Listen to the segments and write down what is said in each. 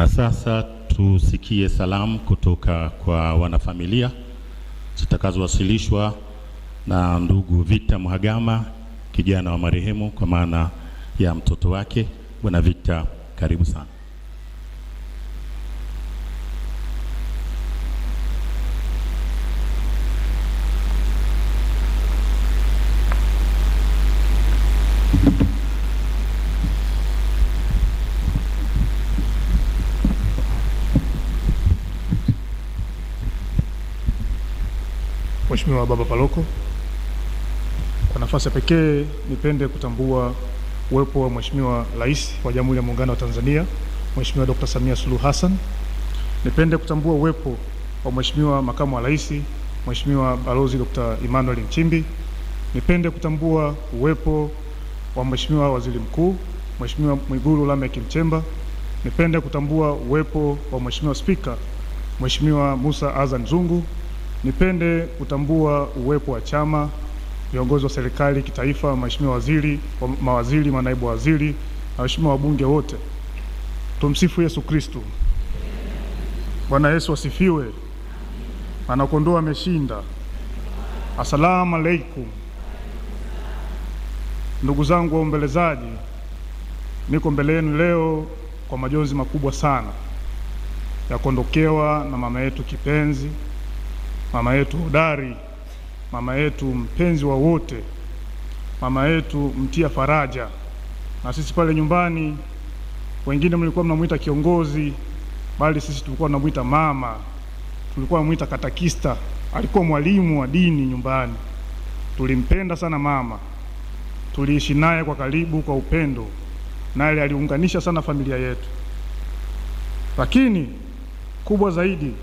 Na sasa tusikie salamu kutoka kwa wanafamilia zitakazowasilishwa na ndugu Vita Mhagama, kijana wa marehemu, kwa maana ya mtoto wake. Bwana Vita, karibu sana. Mheshimiwa Baba Paloko, kwa nafasi ya pekee nipende kutambua uwepo wa Mheshimiwa Rais wa Jamhuri ya Muungano wa Tanzania, Mheshimiwa Dr. Samia Suluhu Hassan. Nipende kutambua uwepo wa Mheshimiwa Makamu wa Rais, Mheshimiwa Balozi Dr. Emmanuel Nchimbi. Nipende kutambua uwepo wa Mheshimiwa Waziri Mkuu, Mheshimiwa Mwigulu Lameck Nchemba. Nipende kutambua uwepo wa Mheshimiwa Spika, Mheshimiwa Musa Azan Zungu. Nipende kutambua uwepo wa chama, viongozi wa serikali kitaifa, mheshimiwa waziri, mawaziri, manaibu waziri na waheshimiwa wabunge wote. Tumsifu Yesu kristu Bwana Yesu asifiwe. Mwanakondoo ameshinda. Asalamu alaikum. Ndugu zangu waombelezaji, niko mbele yenu leo kwa majonzi makubwa sana ya kuondokewa na mama yetu kipenzi mama yetu hodari, mama yetu mpenzi wa wote, mama yetu mtia faraja. Na sisi pale nyumbani, wengine mlikuwa mnamwita kiongozi, bali sisi tulikuwa tunamwita mama, tulikuwa tunamwita katakista. Alikuwa mwalimu wa dini nyumbani. Tulimpenda sana mama, tuliishi naye kwa karibu, kwa upendo, naye aliunganisha sana familia yetu, lakini kubwa zaidi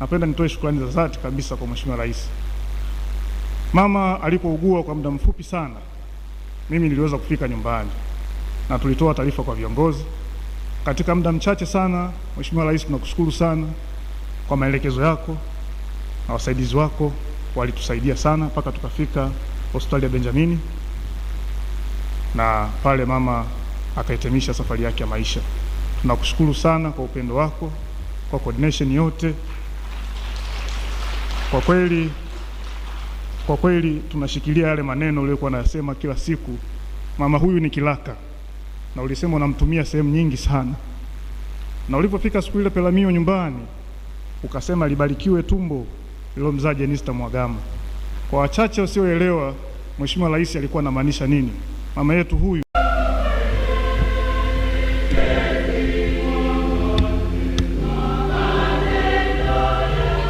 napenda nitoe shukrani za dhati kabisa kwa Mheshimiwa Rais. Mama alipougua kwa muda mfupi sana, mimi niliweza kufika nyumbani na tulitoa taarifa kwa viongozi katika muda mchache sana. Mheshimiwa Rais, tunakushukuru sana kwa maelekezo yako na wasaidizi wako walitusaidia sana mpaka tukafika hospitali ya Benjamini na pale mama akaitemisha safari yake ya maisha. Tunakushukuru sana kwa upendo wako, kwa coordination yote. Kwa kweli, kwa kweli tunashikilia yale maneno uliyokuwa nayasema kila siku, mama huyu ni kilaka na ulisema unamtumia sehemu nyingi sana, na ulipofika siku ile Peramiho nyumbani ukasema libarikiwe tumbo lililomzaa Jenista Mhagama. Kwa wachache wasioelewa, Mheshimiwa Rais alikuwa anamaanisha nini? Mama yetu huyu